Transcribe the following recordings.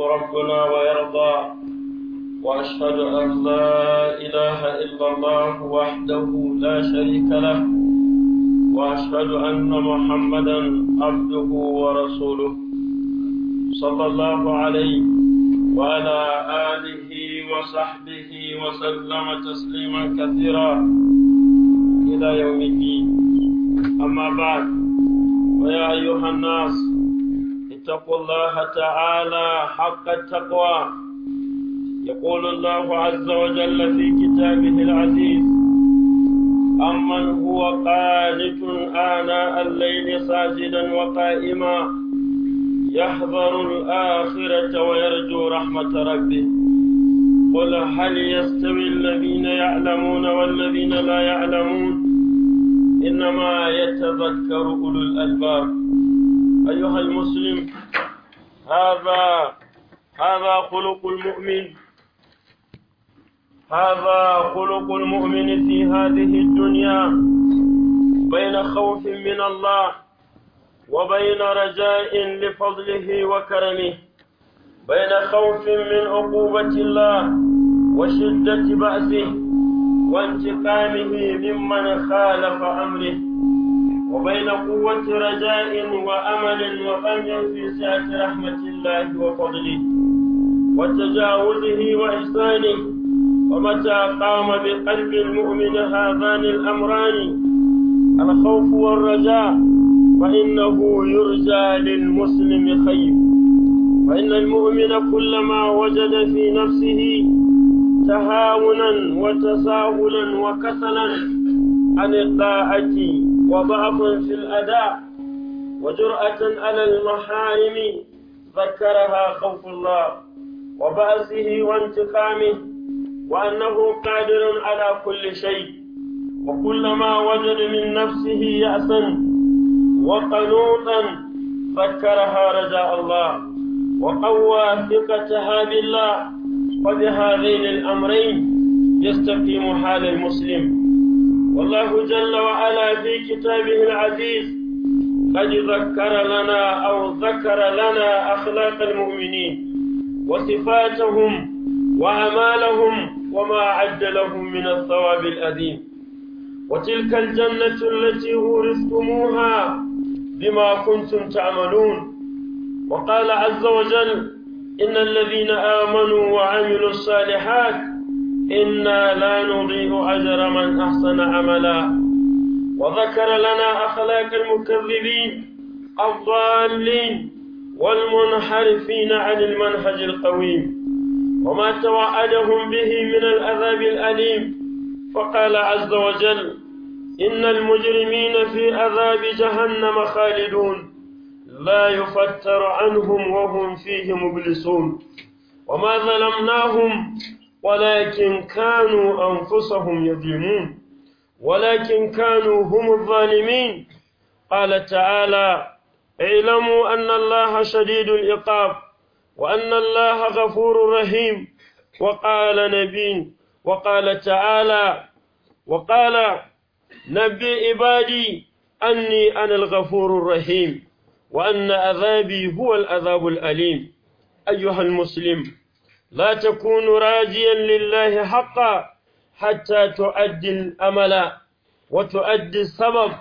ربنا ويرضى وأشهد أن لا إله إلا الله وحده لا شريك له وأشهد أن محمدا عبده ورسوله صلى الله عليه وعلى آله وصحبه وسلم تسليما كثيرا إلى يوم الدين أما بعد ويا أيها الناس اتقوا الله تعالى حق التقوى يقول الله عز وجل في كتابه العزيز أمن هو قانت آناء الليل ساجدا وقائما يحذر الآخرة ويرجو رحمة ربه قل هل يستوي الذين يعلمون والذين لا يعلمون إنما يتذكر أولو الألباب أيها المسلم هذا هذا خلق المؤمن هذا خلق المؤمن في هذه الدنيا بين خوف من الله وبين رجاء لفضله وكرمه بين خوف من عقوبة الله وشدة بأسه وانتقامه ممن خالف أمره وبين قوة رجاء وأمل وفهم في سعة رحمة الله وفضله وتجاوزه وإحسانه ومتى قام بقلب المؤمن هذان الأمران الخوف والرجاء فإنه يرجى للمسلم خير فإن المؤمن كلما وجد في نفسه تهاونا وتساهلا وكسلا عن الطاعة وضعف في الأداء وجرأة على المحارم ذكرها خوف الله وبأسه وانتقامه وأنه قادر على كل شيء وكلما وجد من نفسه يأسا وقنوطا ذكرها رجاء الله وقوى ثقتها بالله وبهذين الأمرين يستقيم حال المسلم والله جل وعلا في كتابه العزيز قد ذكر لنا أو ذكر لنا أخلاق المؤمنين وصفاتهم وأمالهم وما عد لهم من الثواب الأديم وتلك الجنة التي أورثتموها بما كنتم تعملون وقال عز وجل إن الذين آمنوا وعملوا الصالحات إنا لا نضيع أجر من أحسن عملا وذكر لنا أخلاق المكذبين الضالين والمنحرفين عن المنهج القويم وما توعدهم به من العذاب الأليم فقال عز وجل إن المجرمين في عذاب جهنم خالدون لا يفتر عنهم وهم فيه مبلسون وما ظلمناهم ولكن كانوا أنفسهم يظلمون ولكن كانوا هم الظالمين قال تعالى اعلموا أن الله شديد العقاب وأن الله غفور رحيم وقال نبي وقال تعالى وقال نبي عبادي أني أنا الغفور الرحيم وأن عذابي هو العذاب الأليم أيها المسلم لا تكون راجيا لله حقا حتى تؤدي الأمل وتؤدي السبب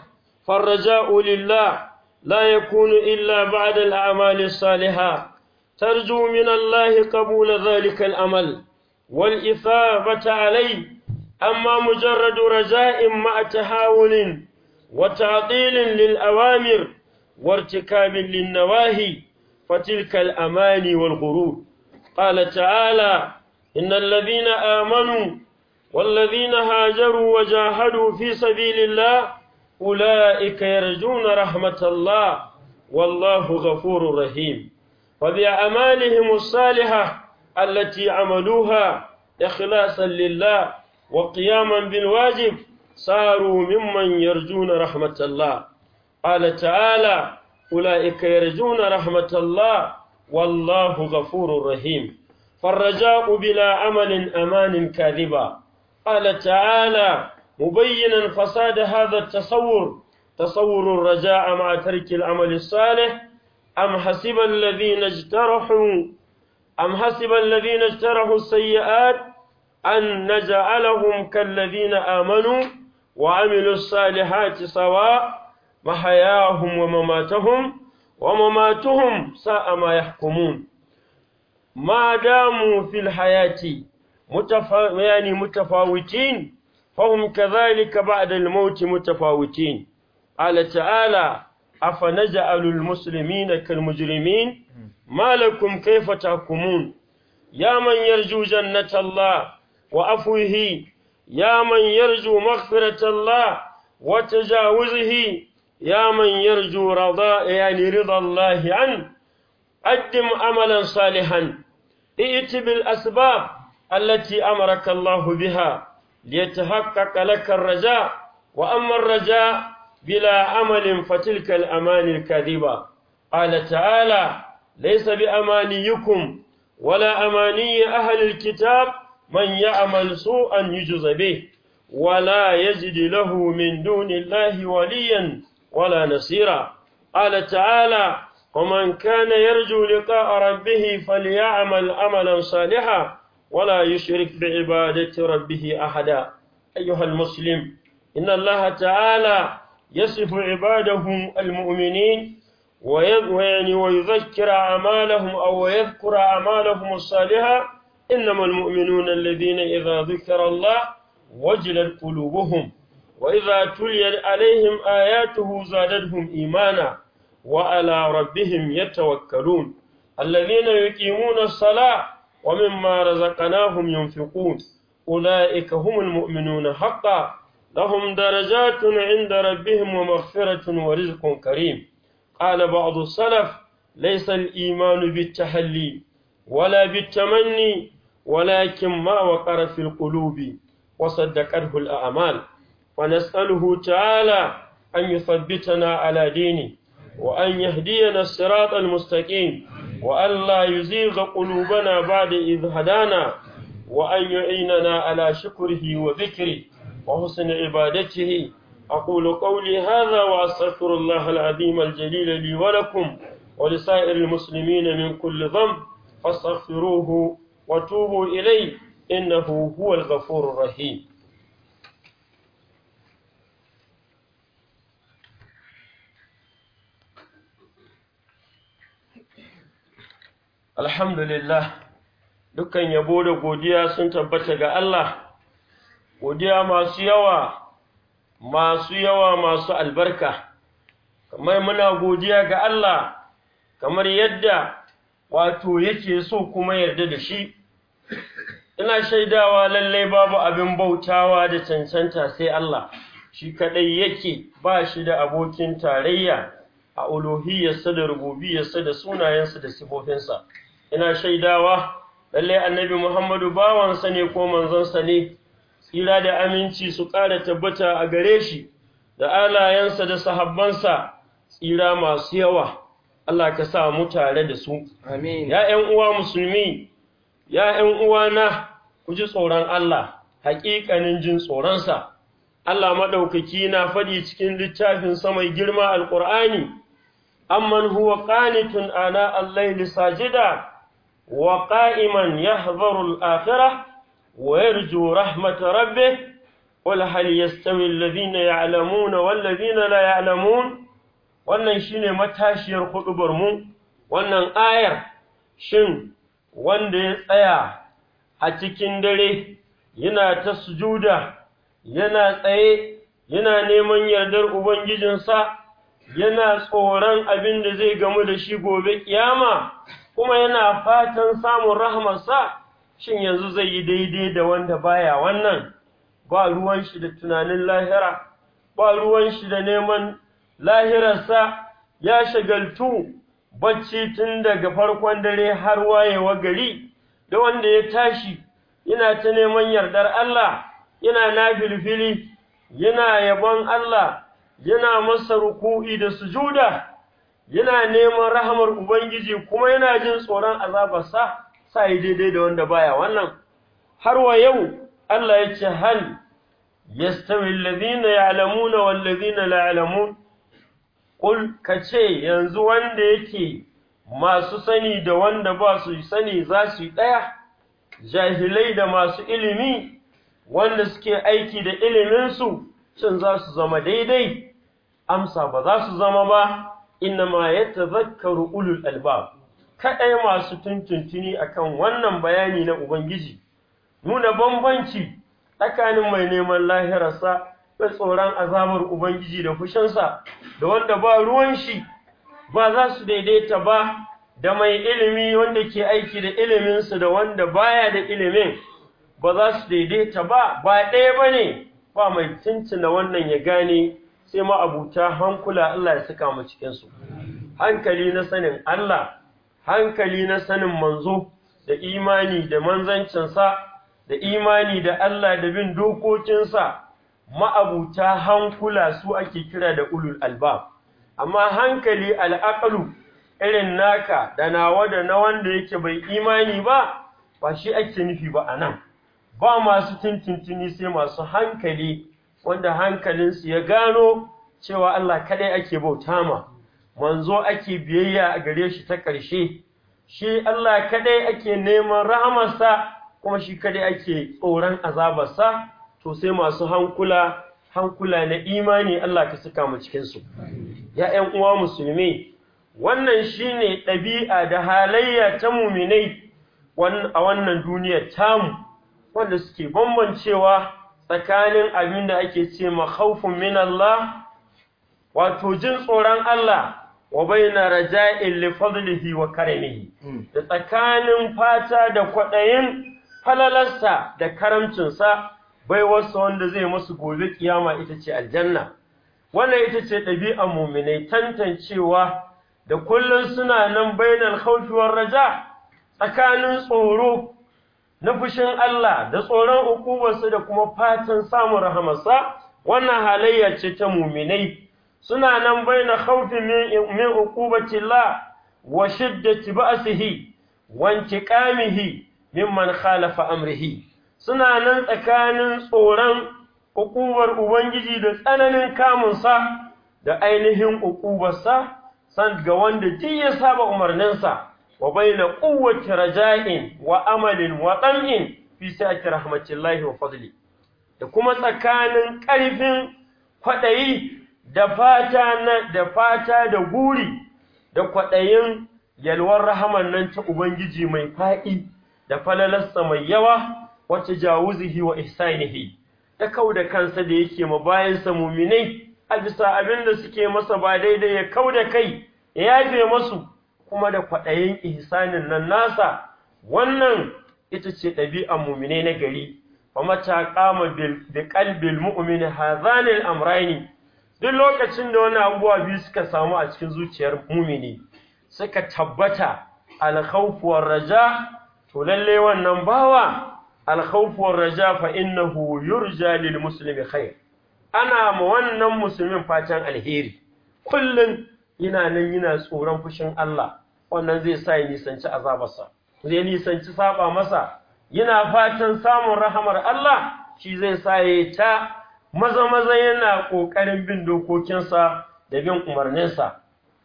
فالرجاء لله لا يكون إلا بعد الأعمال الصالحة ترجو من الله قبول ذلك الأمل والإثابة عليه أما مجرد رجاء مع تهاون وتعطيل للأوامر وارتكاب للنواهي فتلك الأماني والغرور قال تعالى إن الذين آمنوا والذين هاجروا وجاهدوا في سبيل الله أولئك يرجون رحمة الله والله غفور رحيم وبأعمالهم الصالحة التي عملوها إخلاصا لله وقياما بالواجب صاروا ممن يرجون رحمة الله قال تعالى أولئك يرجون رحمة الله والله غفور رحيم فالرجاء بلا أمل أمان كاذبا قال تعالى مبينا فساد هذا التصور تصور الرجاء مع ترك العمل الصالح أم حسب الذين اجترحوا أم حسب الذين اجترحوا السيئات أن نجعلهم كالذين آمنوا وعملوا الصالحات سواء محياهم ومماتهم ومماتهم ساء ما يحكمون ما داموا في الحياة متفا يعني متفاوتين فهم كذلك بعد الموت متفاوتين قال تعالى أفنجعل المسلمين كالمجرمين ما لكم كيف تحكمون يا من يرجو جنة الله وعفوه يا من يرجو مغفرة الله وتجاوزه يا من يرجو رضا يعني رضا الله عنه قدم عملا صالحا ائت بالأسباب التي أمرك الله بها ليتحقق لك الرجاء وأما الرجاء بلا عمل فتلك الأماني الكاذبة قال تعالى ليس بأمانيكم ولا أماني أهل الكتاب من يعمل سوءا يجز به ولا يجد له من دون الله وليا ولا نصيرا قال تعالى ومن كان يرجو لقاء ربه فليعمل عملا صالحا ولا يشرك بعبادة ربه أحدا أيها المسلم إن الله تعالى يصف عباده المؤمنين ويعني ويذكر أعمالهم أو يذكر أعمالهم الصالحة إنما المؤمنون الذين إذا ذكر الله وجلت قلوبهم وإذا تليت عليهم آياته زادتهم إيمانا وعلى ربهم يتوكلون الذين يقيمون الصلاة ومما رزقناهم ينفقون أولئك هم المؤمنون حقا لهم درجات عند ربهم ومغفرة ورزق كريم قال بعض السلف ليس الإيمان بالتحلي ولا بالتمني ولكن ما وقر في القلوب وصدقته الأعمال ونسأله تعالى أن يثبتنا على دينه وأن يهدينا الصراط المستقيم وأن لا يزيغ قلوبنا بعد إذ هدانا وأن يعيننا على شكره وذكره وحسن عبادته أقول قولي هذا وأستغفر الله العظيم الجليل لي ولكم ولسائر المسلمين من كل ذنب فاستغفروه وتوبوا إليه إنه هو الغفور الرحيم alhamdulillah dukkan yabo da godiya sun tabbata ga Allah godiya masu yawa masu yawa masu albarka kamar muna godiya ga Allah kamar yadda wato yake so kuma yarda da shi ina shaidawa lallai babu abin bautawa da cancanta sai Allah shi kadai yake ba shi da abokin tarayya a uluhiyarsa da rububiyarsa da sunayensa da sifofinsa ina shaidawa lalle annabi Muhammadu bawansa ne ko manzonsa ne tsira da aminci su ƙara tabbata a gare shi da alayensa da sahabbansa tsira masu yawa Allah ka sa mu tare da su amin ya ƴan uwa musulmi ya ƴan uwa na ku ji tsoron Allah haƙiƙanin jin tsoron sa. Allah madaukaki na faɗi cikin littafin sa mai girma alqur'ani amman huwa qanitun ana al-layli sajida وقائما يحذر الآخرة ويرجو رحمة ربه قل هل يستوي الذين يعلمون والذين لا يعلمون wannan shine matashiyar hudubar mu wannan ayar shin wanda ya tsaya a cikin dare yana ta sujuda yana tsaye yana neman yardar ubangijinsa yana tsoron abin da zai gamu da shi gobe kiyama kuma yana fatan samun rahmarsa shin yanzu zai yi daidai da wanda baya wannan ba ruwan shi da tunanin lahira ba ruwan shi da neman lahirarsa ya shagaltu bacci tun daga farkon dare har wayewa gari da wanda ya tashi yana ta neman yardar Allah yana filfili yana yabon Allah yana masa ruku'i da sujuda yana neman rahamar ubangiji kuma yana jin tsoron azabarsa sa yi daidai da wanda baya wannan har wa yau Allah ya ce hal yastawi alladhina ya'lamuna wal ladhina la ya'lamun kul kace yanzu wanda yake masu sani da wanda ba su sani za su yi ɗaya jahilai da masu ilimi wanda suke aiki da iliminsu cin za su zama daidai amsa ba za su zama ba innama tazakkaru ulul albab kaɗai masu tuntuntuni akan wannan bayani na ubangiji nuna bambanci tsakanin mai neman lahirarsa da tsoron azabar ubangiji da fushinsa da wanda ba ruwan shi ba za su daidaita ba da mai ilimi wanda ke aiki da iliminsu da wanda baya da ilimin ba za su daidaita ba ba ɗaya bane ba mai tuntuna wannan ya gane sai ma hankula Allah ya saka mu cikin hankali na sanin Allah hankali na sanin manzo da imani da manzancinsa da imani da Allah da bin dokokinsa ma'abuta hankula su ake kira da ulul Alba, amma hankali al'aqlu irin naka da nawa da na wanda yake bai imani ba ba shi ake nufi ba anan ba masu tintintini sai masu hankali wanda hankalinsu ya gano cewa Allah kaɗai ake bauta ma manzo ake biyayya a gare shi ta ƙarshe shi Allah kaɗai ake neman rahamarsa kuma shi kaɗai ake tsoron azabarsa to sai masu hankula hankula na imani Allah ka saka mu cikinsu ‘ya'yan uwa musulmi wannan shi ne ɗabi'a da halayya ta muminai a wannan duniyar tamu wanda suke bambancewa tsakanin abin da ake ce mahaufin min Allah wato jin tsoron Allah wa baina raja'in li wa karamihi hmm. da tsakanin fata da kwaɗayin falalarsa da karamcinsa bai wasu wanda zai masu gobe kiyama ita ce aljanna wannan ita ce ɗabi'a muminai tantancewa da kullum suna nan bainal khawfi raja tsakanin tsoro na fushin Allah da tsoron ukubarsa da kuma fatan samun rahamarsa wannan halayya ce ta muminai suna nan baina khawfin min uqubati Allah wa shiddati ba'sihi wa intiqamihi mimman khalafa amrihi suna nan tsakanin tsoron ukubar ubangiji da tsananin kamunsa da ainihin ukubarsa san ga wanda duk ya saba umarninsa wa bayna quwwati raja'in wa amalin wa tam'in fi sa'ati rahmatillahi wa fadli da kuma tsakanin ƙarfin kwaɗayi da fata da fata da guri da kwaɗayin yalwar rahaman nan ta ubangiji mai faɗi da falalarsa mai yawa wacce jawuzihi wa ihsanihi ta kau da kansa da yake ma bayansa muminai a bisa abin da suke masa ba daidai ya kau da kai ya yafe masu kuma da kwaɗayin ihsanin nan nasa wannan ita ce ɗabi'an mummune na gari fa mata qama bi qalbil mu'min duk lokacin da wani abubuwa biyu suka samu a cikin zuciyar mummune suka tabbata al raja to lalle wannan bawa al raja fa innahu yurja lil muslimi khair ana ma wannan musulmin fatan alheri kullun yana nan yana tsoron fushin Allah wannan zai sa ya nisanci azabarsa zai nisanci saba masa yana fatan samun rahamar Allah shi zai sa ya ta maza maza yana kokarin bin dokokinsa da bin umarninsa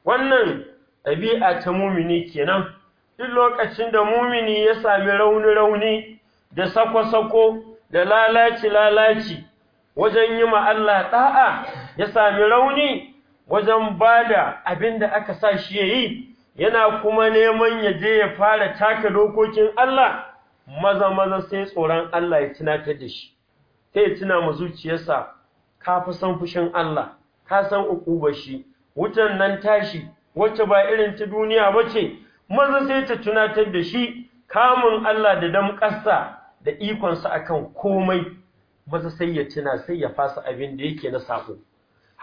wannan ɗabi'a ta mumini kenan duk lokacin da mumini ya sami rauni rauni da sako sako da lalaci lalaci wajen yi ma Allah da'a ya sami rauni wajen bada abin da aka sa shi ya yi, yana kuma neman ya je ya fara taka dokokin Allah maza maza sai tsoron Allah ya tunatar da shi sai tuna mu zuciyarsa ka fi san fushin Allah ka san ukuba shi wutan nan tashi wacce ba irin ta duniya bace maza sai ta tunatar da shi kamun Allah da damƙasa da ikonsa akan komai maza sai ya tuna sai ya fasa abin da yake na sako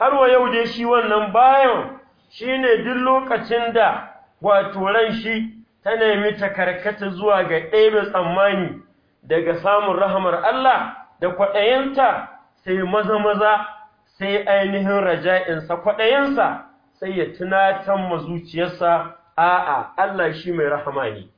har wa yau dai shi wannan bayan shi ne duk lokacin da wato ran shi ta nemi ta karkata zuwa ga ɗaya tsammani daga samun rahamar Allah da kwaɗayinta sai maza maza sai ainihin raja'insa kwaɗayinsa sai ya tunatan mazuciyarsa a'a Allah shi mai rahama ne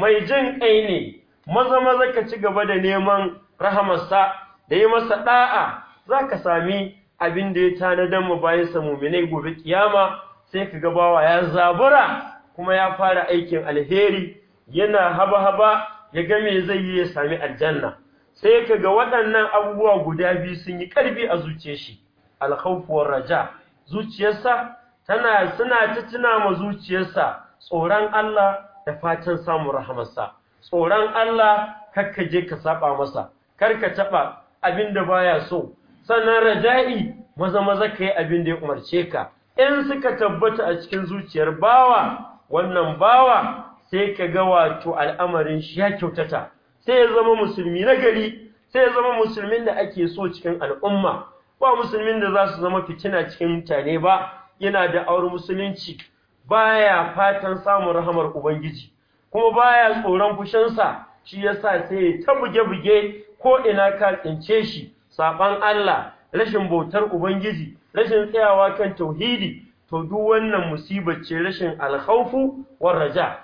mai jin ƙai ne maza maza ka ci gaba da neman rahamarsa da yi masa ɗa'a za ka sami abin da ya tanadan mu bayan samu mu'minai gobe kiyama sai ka ga bawa ya zabura kuma ya fara aikin alheri yana haba-haba ya ga zai yi ya sami aljanna sai ka ga waɗannan abubuwa guda biyu sun yi ƙarfi a zuciyar shi alhaufuwar raja zuciyarsa tana suna ta tuna ma zuciyarsa tsoron Allah da fatan samun rahamarsa tsoron Allah kakka je ka saba masa kar ka taba abinda baya so sannan raja'i maza maza ka yi abin da ya umarce ka in suka tabbata a cikin zuciyar bawa wannan bawa sai ka ga wato al'amarin shi ya kyautata sai ya zama musulmi na gari sai ya zama musulmin da ake so cikin al'umma ba musulmin da za su zama fitina cikin mutane ba yana da aure musulunci baya fatan samun rahamar ubangiji kuma baya tsoron fushinsa shi yasa sai ya ta buge-buge ko ina ka tsince shi saban Allah rashin bautar ubangiji rashin tsayawa kan tauhidi to duk wannan musibar ce rashin alkhawfu war raja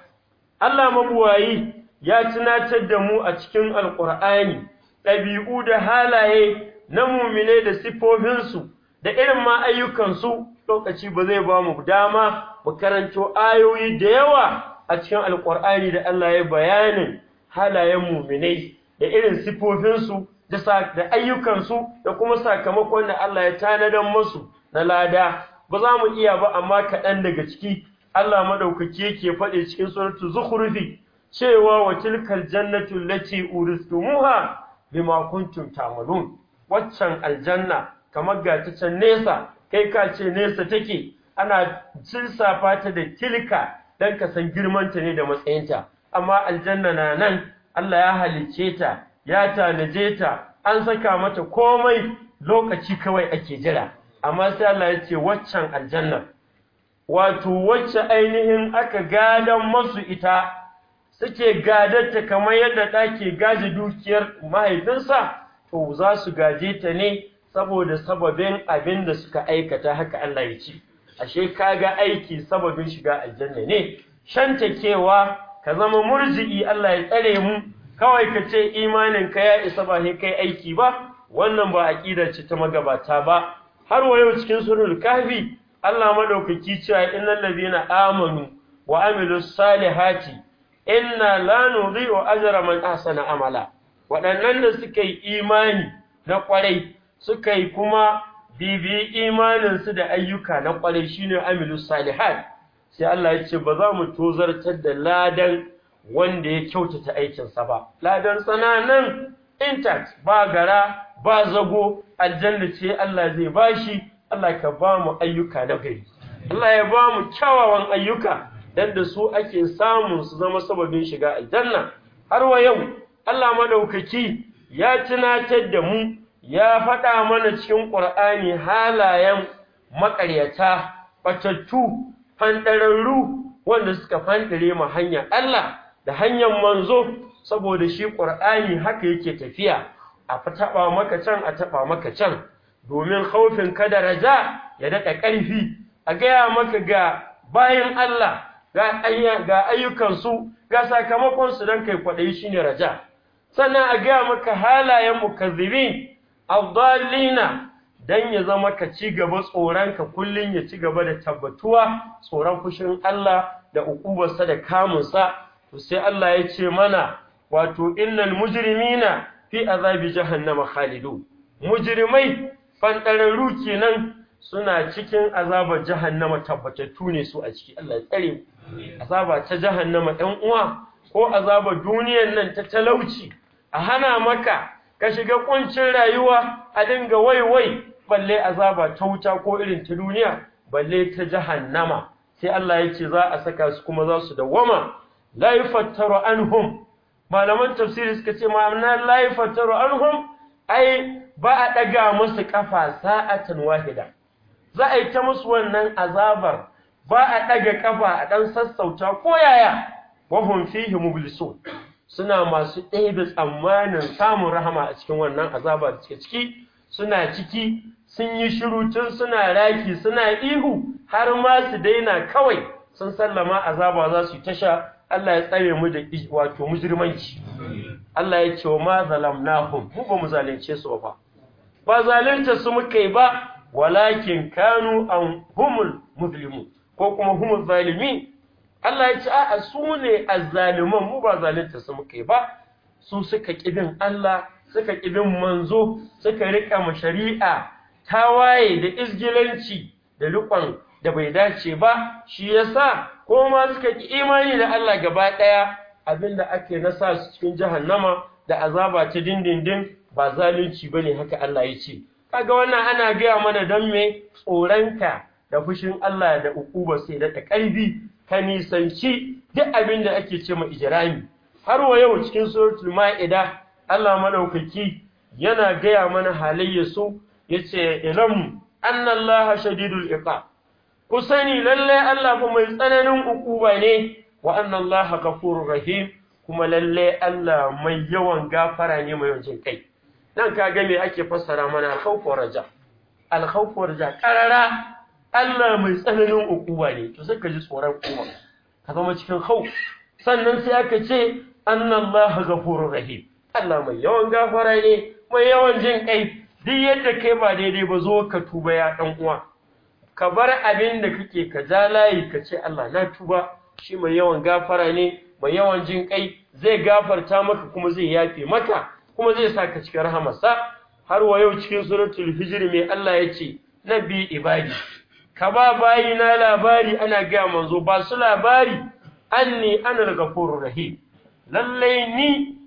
Allah mabuwayi ya tunatar da mu a cikin Alƙur'ani ɗabi'u da halaye na mumine da sifofinsu da irin ma ayyukansu lokaci ba zai ba mu dama mu karanto ayoyi da yawa a cikin Alƙur'ani da Allah ya bayanin halayen muminai da irin sifofinsu da ayyukansu da kuma sakamakon da Allah ya tanadan musu na lada ba za mu iya ba amma kaɗan daga ciki Allah madaukaki yake faɗi cikin suratul zukhrufi cewa wa tilkal jannatu lati uristumuha bima kuntum ta'malun waccan aljanna kamar ga ta nesa kai ka ce nesa take ana jinsafa ta da tilka dan ka san ta ne da matsayinta amma aljanna na nan Allah ya halicce ta ya tanaje ta an saka mata komai lokaci kawai ake jira amma sai Allah ya ce waccan aljanna wato wacce ainihin aka gadan masu ita suke ta kamar yadda ɗake gaji dukiyar mahaifinsa to za su gaje ta ne saboda sababin abin da suka aikata haka Allah ya ce ashe kaga aiki sababin shiga aljanna ne shanta kewa ka zama murji'i Allah ya tsare mu kawai ka ce imanin ka ya isa ba sai kai aiki ba wannan ba aqida ce ta magabata ba har wayo cikin surul kahfi Allah madaukaki cewa innal ladina amanu wa amilus salihati inna la nudhi'u ajra man ahsana amala waɗannan da suka yi imani na kwarai suka yi kuma bibi imaninsu da ayyuka na kwarai shine amilus salihat sai Allah ya ce ba za mu tozartar da ladan wanda ya kyautata aikinsa ba ladan tsananan intact ba gara ba zago aljanna ce Allah zai bashi Allah ka ba mu ayyuka na gari Allah ya ba mu kyawawan ayyuka dan da su ake samun su zama sababin shiga aljanna har wa yau Allah madaukaki ya tunatar da mu ya faɗa mana cikin Ƙur'ani halayen maƙaryata batattu fanɗararru, wanda suka fandare mu hanya Allah da hanyar manzo saboda shi ƙur'ani haka yake tafiya a taɓa maka can a taɓa maka can domin haufin kada raja ya daɗa ƙarfi a gaya maka ga bayan Allah ga ayyukansu ga sakamakonsu don kai kwaɗayi shi ne raja sannan a gaya maka halayen mukazzibin abdallina don ya zama ka ci gaba tsoronka kullum ya ci gaba da tabbatuwa tsoron fushin Allah da ukubarsa da kamunsa to sai Allah ya ce mana wato innal mujrimina fi azabi jahannama khalidu mujrimai fantararru kenan suna cikin azabar jahannama tabbatattu ne su a ciki Allah ya tsare azaba ta jahannama ɗan uwa ko azabar duniyar nan ta talauci a hana maka ka shiga kuncin rayuwa a dinga waiwai balle azaba ta wuta ko irin ta duniya balle ta jahannama sai Allah ya ce za a saka su kuma za su dawwama la anhum malaman tafsiri suka ce ma'ana la yufattaru anhum ai ba a daga musu kafa sa'atan wahida za a yi ta musu wannan azabar ba a daga kafa a dan sassauta ko yaya wahum fihi mublisun suna masu da tsammanin samun rahama a cikin wannan azaba da ciki suna ciki sun yi shiru tun suna raki suna ihu har ma su daina kawai sun sallama azaba za su yi tasha Allah ya tsare mu da wato mujrimanci Allah ya ce wa ma zalamnahum mu ba mu zalunce su ba ba zalunta su muka yi ba walakin kanu an humul muzlimu ko kuma humul zalimi Allah ya ce a su ne azzaliman mu ba zalunta su muka yi ba su suka kibin Allah suka kibin manzo suka rika mu shari'a tawaye da izgilanci da riƙon da bai dace ba shi yasa ko ma suka ki imani da Allah gaba ɗaya abinda ake nasa su cikin jahannama da azaba ta dindindin ba zalunci ba ne, haka Allah ya ce kaga wannan ana gaya mana don me tsoronka da fushin Allah da ukuba sai da takarbi ka nisanci duk abin da ake ce ma ijrami har wa yau cikin suratul maida Allah madaukaki yana gaya mana halayya su yace ilam annallaha shadidul iqab ku sani lalle Allah fa mai tsananin ukuba ne wa anna Allah rahim kuma lalle Allah mai yawan gafara ne mai yawan kai nan ka ga me ake fassara mana al-khawf wa raja al raja Allah mai tsananin ukuba ne to sai ka ji tsoron kuma ka zama cikin hau. sannan sai aka ce anna Allah rahim Allah mai yawan gafara ne mai yawan jin kai duk yadda kai ba daidai ba zo ka tuba ya ɗan uwa ka bar abin da kake ka ja layi ka ce Allah na tuba shi mai yawan gafara ne mai yawan jin kai zai gafarta maka kuma zai yafe maka kuma zai sa ka cikin rahamarsa har wa yau cikin suratul hijr mai Allah ya ce nabi ibadi ka ba bayi na labari ana gaya manzo ba su labari anni anar gafurur rahim lallai ni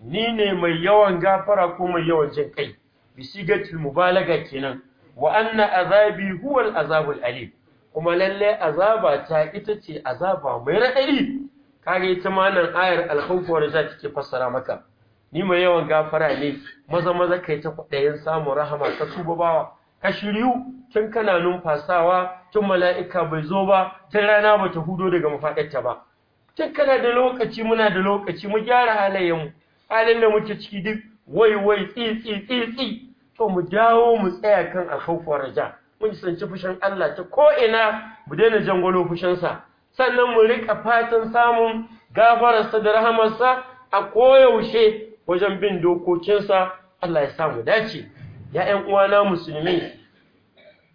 ni ne mai yawan gafara ko mai yawan jin kai bisigatul mubalaga kenan wa anna azabi huwa al-azabul alim kuma lalle azaba ta ita ce azaba mai radadi kage ita ma nan ayar al-khawf wa raja fassara maka ni mai yawan gafara ne maza maza kai ta kudayen samu rahama ta tuba bawa ka shiryu tun kana numfasawa tun mala'ika bai zo ba tun rana ba ta hudo daga mafadarta ba tun kana da lokaci muna da lokaci mu gyara halayen mu halin da muke ciki duk wai wai tsi tsi tsi tsi so mu dawo mu tsaya kan afuwar raja mun sanci fushin Allah ta ko ina mu daina jangolo sa sannan mu rika fatan samun gafararsa da rahamarsa a koyaushe wajen bin dokokinsa Allah ya sa mu dace ya ƴan uwana musulmi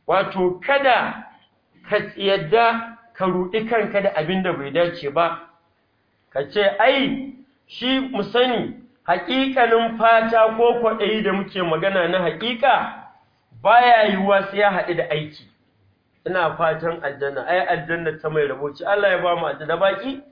wato kada ka tsiyadda ka ruɗi kanka da abin da bai dace ba ka ce ai shi mu sani haƙiƙanin fata ko kwaɗayi da muke magana na haƙiƙa baya yiwuwa sai ya haɗu da aiki ina fatan aljanna ai aljanna ta mai rabuci Allah ya ba mu aljanna baki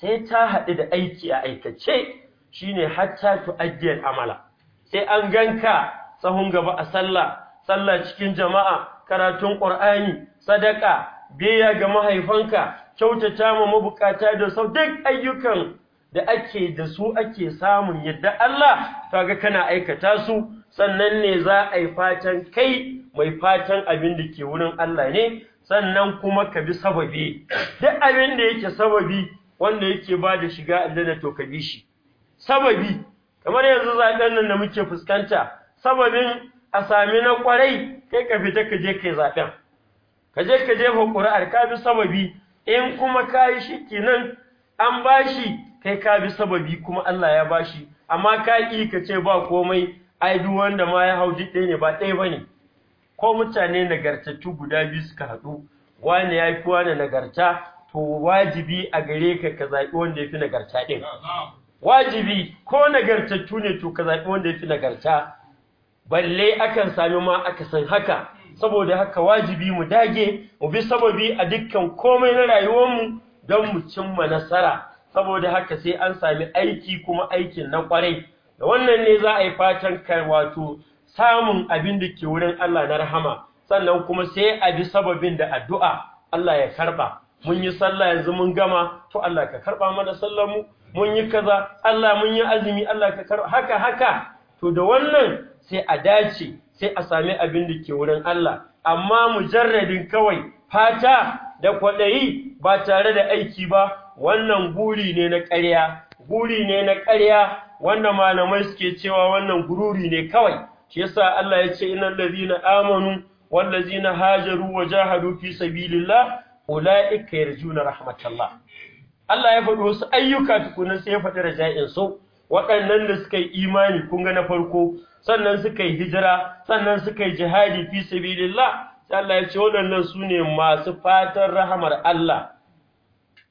sai ta haɗu da aiki a aikace shine hatta ajjal amala sai an ganka sahun gaba a sallah sallah cikin jama'a karatun qur'ani sadaka biya ga mahaifanka kyautata ma mabukata da sau duk ayyukan da ake da su ake samun yadda Allah ta ga kana aikata su sannan ne za a yi fatan kai mai fatan abin da ke wurin Allah ne sannan kuma ka bi sababi duk abin da yake sababi wanda yake ba da shiga aljanna to ka bi shi sababi kamar yanzu zaben nan da muke fuskanta sababin a sami na kwarai kai ka fita ka je kai zaben ka je ka jefa ƙuri'ar ka bi sababi in kuma ka yi shi kenan an bashi kai ka bi sababi kuma Allah ya bashi amma ka ƙi ka ce ba komai ai duk wanda ma ya hauji ɗaya ne ba ɗaya bane ko mutane nagartattu guda biyu suka haɗu wani ya fi wani nagarta to wajibi a gare ka ka zaɓi wanda ya fi nagarta ɗin wajibi ko nagartattu ne to ka zaɓi wanda ya fi nagarta balle akan sami ma aka san haka saboda haka wajibi mu dage mu bi sababi a dukkan komai na rayuwarmu don mu cimma nasara saboda haka sai an sami aiki kuma aikin na kwarai da wannan ne za a yi fatan kai wato samun abin da ke wurin Allah na rahama sannan kuma sai a bi sababin da addu'a Allah ya karba mun yi sallah yanzu mun gama to Allah ka karba mana sallar mu mun yi kaza Allah mun yi azumi Allah ka karba haka haka to da wannan sai a dace sai a sami abin da ke wurin Allah amma mujarradin kawai fata da kwaɗayi ba tare da aiki ba wannan guri ne na ƙarya guri ne na ƙarya wanda malamai suke cewa wannan gururi ne kawai Ke yasa Allah ya ce innal ladhina amanu wal na hajaru wa jahadu fi sabilillah ulaika na rahmatallah Allah ya faɗi wasu ayyuka tukuna sai ya faɗi raja'in su waɗannan da suka yi imani kun ga na farko sannan suka yi hijira sannan suka yi jihadi fi sabilillah Allah ya ce waɗannan su ne masu fatan rahamar Allah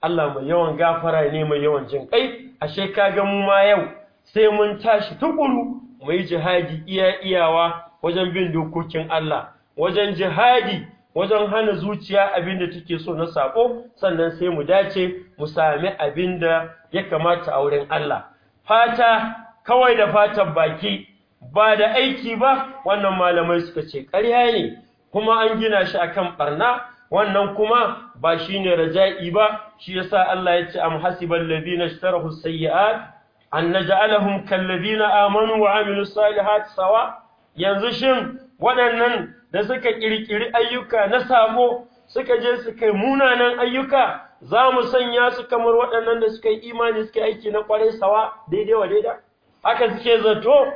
Allah mai yawan gafara ne mai yawan jin kai ashe ga mu ma yau sai mun tashi tukuru mu yi jihadi iya iyawa wajen bin dokokin Allah wajen jihadi wajen hana zuciya abin da take so na sako sannan sai mu dace mu sami abin da ya kamata a wurin Allah fata kawai da fatan baki ba da aiki ba wannan malamai suka ce ƙarya ne kuma an gina shi akan ɓarna, wannan kuma ba shi ne raja'i ba shi ya sa Allah ya ce am hasibal ladina ishtarahu sayyi'at an naj'alahum kal ladina amanu wa amilus salihati sawa yanzu shin waɗannan da suka ƙirƙiri ayyuka na sabo suka je suka munanan ayyuka za mu sanya su kamar waɗannan da suka yi imani suka aiki na ƙwarai sawa daidai wa daida haka suke zato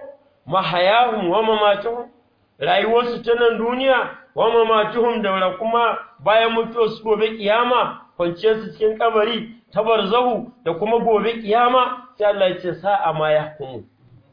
mahayahum wa rayuwarsu ta nan duniya wa tuhum da kuma bayan mutuwar su gobe kiyama kwanciyar su cikin kabari ta barzahu da kuma gobe kiyama sai Allah ya ce sa'a ma ya kuma.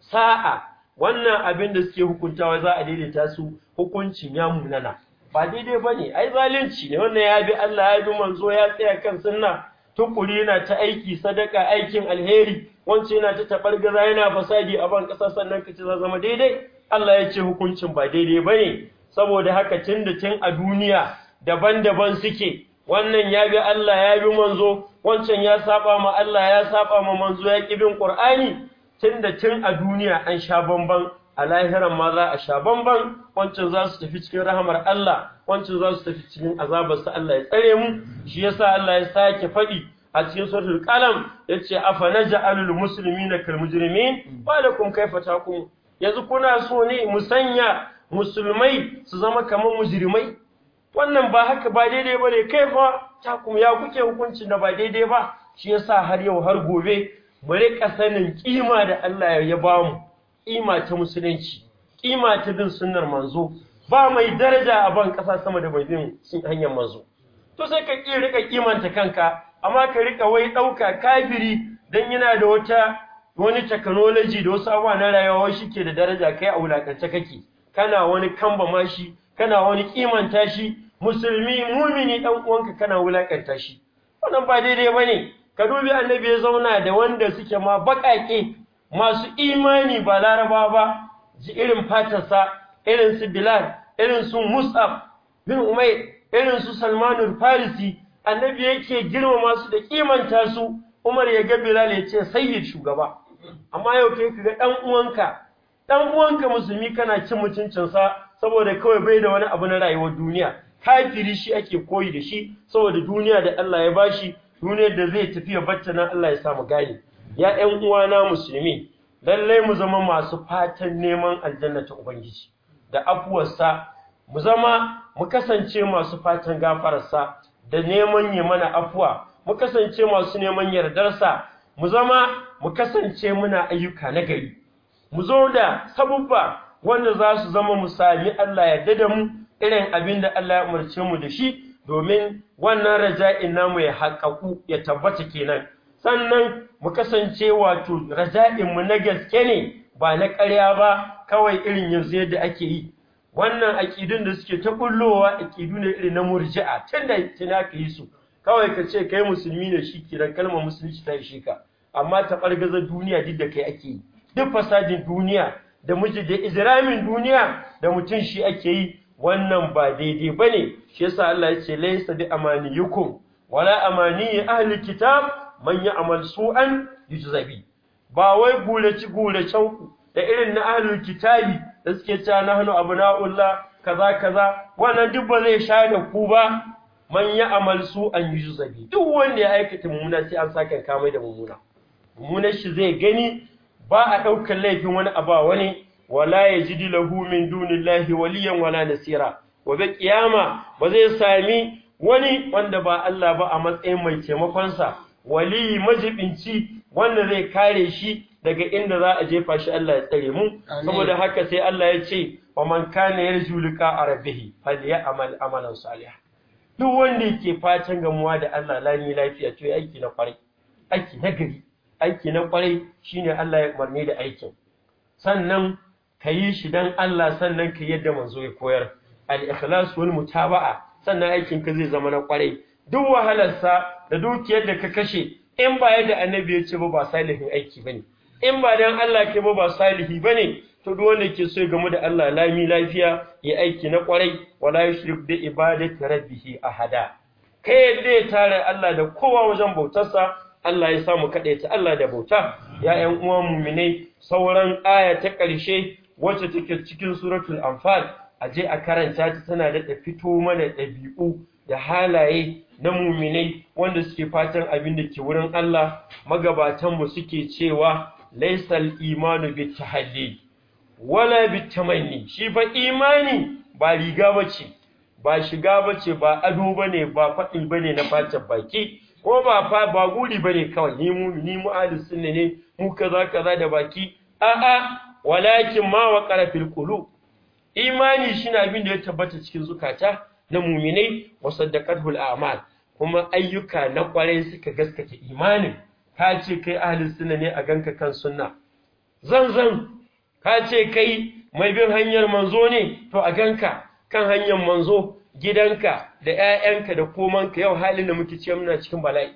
sa'a wannan abin da suke hukuntawa za a daidaita su hukuncin ya munana ba daidai bane ai zalunci ne wannan ya bi Allah ya bi manzo ya tsaya kan sunna tukuri yana ta aiki sadaka aikin alheri wance yana ta gaza yana fasadi a ban kasar sannan kace za zama daidai Allah ya ce hukuncin ba daidai bane saboda haka cin da cin a duniya daban-daban suke wannan ya bi Allah ya bi manzo wancan ya saba ma Allah ya saba ma manzo ya ƙi bin Qur'ani cin da cin a duniya an sha bamban a lahiran ma za a sha bamban wancan za su tafi cikin rahamar Allah wancan za su tafi cikin azabarsa Allah ya tsare mu shi yasa Allah ya sake faɗi a cikin suratul qalam yace afa naj'alul muslimina kal mujrimin wa kai Fata yanzu kuna so ne mu sanya. musulmai su zama kamar mujrimai wannan ba haka ba daidai ba ne kai fa takum ya kuke hukuncin da ba daidai ba shi yasa har yau har gobe mu rika sanin kima da Allah ya ba mu kima ta musulunci kima ta bin sunnar manzo ba mai daraja a ban kasa sama da bai sun hanyar manzo to sai ka ki rika kimanta kanka amma ka rika wai dauka kafiri dan yana da wata wani technology da wasu abubuwa na rayuwa shi ke da daraja kai a wulakance kake kana wani kambamashi? mashi kana wani kimanta shi musulmi mumini dan uwanka kana wulakanta shi wannan ba daidai bane ka dubi annabi ya zauna da wanda suke ma bakake masu imani ba laraba ba ji irin sa, irin su bilal irin su mus'ab bin umay irin su salmanul farisi annabi yake girmama su da kimanta su umar ya ga bilal ya ce sayyid shugaba amma yau kai ka ga dan uwanka Ɗan uwanka musulmi kana cin mutuncinsa saboda kawai bai da wani abu na rayuwar duniya kafiri shi ake koyi da shi saboda duniya da Allah ya bashi duniyar da zai tafi ya bacci nan Allah ya samu gani ya 'yan uwana musulmi lallai mu zama masu fatan neman aljanna ta ubangiji da afuwarsa mu zama mu kasance masu fatan gafararsa da neman yi mana afuwa mu kasance masu neman yardarsa mu zama mu kasance muna ayyuka na gari mu zo da sabubba wanda za su zama mu sami Allah ya dada mu irin abin da Allah ya umarce mu da shi domin wannan raja'in namu ya haƙaƙu ya tabbata kenan sannan mu kasance wato raja'in mu na gaske ne ba na ƙarya ba kawai irin yanzu yadda ake yi wannan aƙidun da suke ta kullowa aƙidu ne irin na murji'a tunda tana ka su kawai ka ce kai musulmi ne shi kiran kalmar musulunci ta yi shi ka amma ta ɓargaza duniya duk da kai ake yi duk fasadin duniya da miji da izramin duniya da mutum shi ake yi wannan ba daidai ba ne shi yasa Allah ya ce laisa bi amaniyukum wala amani ahli kitab man ya'mal su'an yujzabi ba wai gulaci gulacen ku da irin na ahli kitabi da suke cewa nahnu abna'ullah kaza kaza wannan duk ba zai sha da ku ba man ya'mal su'an yujzabi duk wanda ya aikata mummuna sai an saka kamai da mummuna mummunar shi zai gani ba a ɗaukar laifin wani aba wani wala ya ji lahu min dunillahi waliyan wala nasira gobe kiyama ba zai sami wani wanda ba Allah ba a matsayin mai taimakonsa waliyi majibinci wanda zai kare shi daga inda za a jefa shi Allah ya tsare mu saboda haka sai Allah ya ce wa man kana yarju liqa rabbih falyamal amalan salih duk wanda yake fatan gamuwa da Allah lani lafiya to aiki na kwarai aiki na gari aiki na kwarai ne Allah ya umarni da aikin sannan ka yi shi dan Allah sannan ka yadda manzo ya koyar al’ikhlas wani mutaba'a sannan aikin ka zai zama na kwarai duk wahalarsa da dukiyar da ka kashe in ba yadda annabi ya ce ba ba salihin aiki ba ne. in ba dan Allah ke ba ba salihi ne. to duk wanda ke so ya gamu da Allah lami lafiya ya aiki na kwarai wala ya yushrik ta ibadati a hada. kai yadda ya tare Allah da kowa wajen bautarsa Allah ya samu ta Allah da bauta ya ‘yan uwan muminai sauran aya ta ƙarshe wacce take cikin suratul amfal a je a karanta ta tana da fito mana ɗabi'u da halaye na muminai wanda suke fatan abin da ke wurin Allah magabatanmu suke cewa laisal imanu bi tahalli wala bi tamanni shi fa imani ba riga bace ba shiga bace ba ado bane ba faɗi bane na fatan baki ko ba fa ba guri bane kawai ni mu ni mu ahlus sunna ne mu kaza kaza da baki a'a walakin ma wa qarafil qulub imani shine abin da ya tabbata cikin zukata na mu'minai wa saddaqatul a'mal kuma ayyuka na kwarai suka gaskata imanin ka ce kai ahlus sunna ne a ganka kan sunna zanzan ka ce kai mai bin hanyar manzo ne to a ganka kan hanyar manzo gidanka da 'ya'yanka da komanka yau halin da muke ce muna cikin bala'i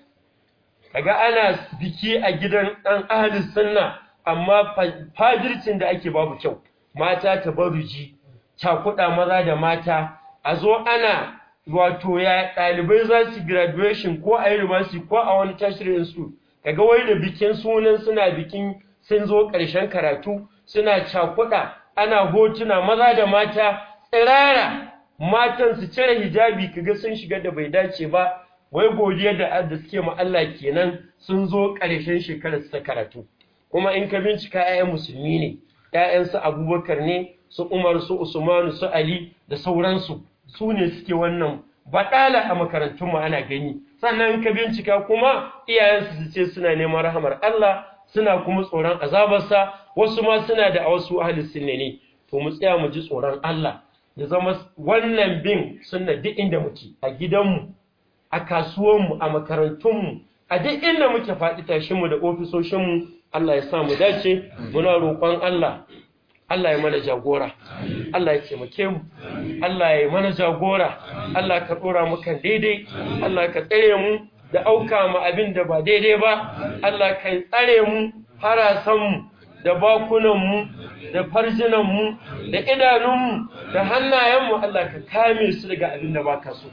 kaga ana biki a gidan ɗan ahalin sunna amma fajircin da ake babu kyau mata ta tabaruji cakuɗa maza da mata a zo ana wato ya ɗalibai za su graduation ko a university ko a wani tertiary institute kaga wai da bikin sunan suna bikin sun zo ƙarshen karatu suna cakuɗa ana hotuna maza da mata tsirara matan su cire hijabi kaga sun shiga da bai dace ba wai godiya da da suke ma Allah kenan sun zo ƙarshen shekarar ta karatu kuma in ka bincika 'ya'yan musulmi ne 'ya'yansu Abubakar ne su Umar su Usman su Ali da sauransu su ne suke wannan baɗala a makarantun mu ana gani sannan in ka bincika kuma iyayensu su ce suna neman rahamar Allah suna kuma tsoron azabarsa wasu ma suna da wasu ahlus sunne ne to mu tsaya mu ji tsoron Allah ya zama wannan bin sunna duk inda muke a gidanmu a kasuwanmu a makarantunmu a duk inda muke faɗi tashinmu da ofisoshinmu Allah ya sa mu dace muna roƙon Allah Allah ya mana jagora Allah ya taimake mu Allah ya mana jagora Allah ka ɗora mu kan daidai Allah ka tsare mu da auka ma abin da ba daidai ba Allah ka tsare mu harasan mu da bakunanmu da farjinanmu da idanunmu da hannayenmu Allah ka kame su daga abin da baka so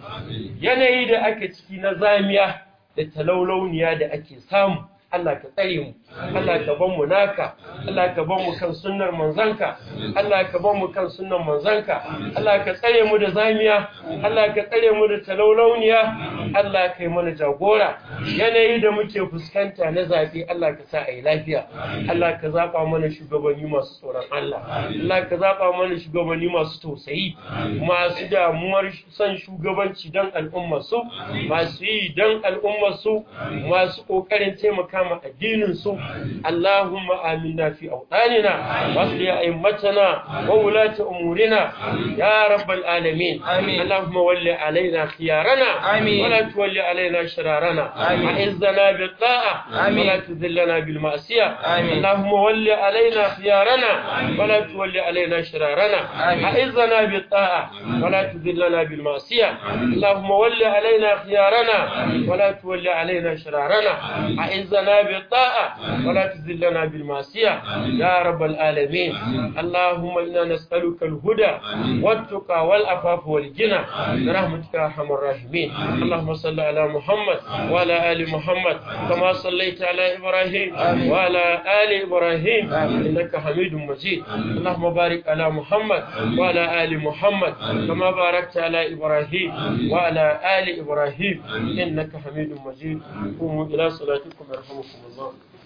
yanayi da ake ciki na zamiya da talaulauniya da ake samu Allah ka tsare mu Allah ka ban mu naka Allah ka ban mu kan sunnar manzanka Allah ka ban mu kan sunan manzanka Allah ka tsare mu da zamiya Allah ka tsare mu da talaulauniya Allah ka yi mana jagora yanayi da muke fuskanta na zafi Allah ka sa a yi lafiya Allah ka zaba mana shugabanni masu tsoron Allah Allah ka zaba mana shugabanni masu tausayi masu damuwar son shugabanci don al'ummarsu masu yi don al'ummarsu masu ƙoƙarin taimaka haskaka mu addinin su Allahumma amina fi awdanina wasli a'immatana wa wulati umurina ya rabbal alamin Allahumma walli alaina khiyarana wa la tuwalli alaina shararana a'izzana bil ta'a wa la tudhillana bil ma'siyah Allahumma walli alaina khiyarana wa la tuwalli alaina shararana a'izzana bil ta'a wa la tudhillana bil ma'siyah Allahumma walli alaina khiyarana wa la tuwalli alaina shararana a'izzana لنا بالطاعة ولا تزل لنا بالمعصية يا رب العالمين اللهم إنا نسألك الهدى والتقى والعفاف والجنى برحمتك يا أرحم الراحمين اللهم صل على محمد وعلى آل محمد كما صليت على إبراهيم وعلى آل إبراهيم إنك حميد مجيد اللهم بارك على محمد وعلى آل محمد كما باركت على إبراهيم وعلى آل إبراهيم إنك حميد مجيد قوموا إلى صلاتكم يرحمكم وفق الله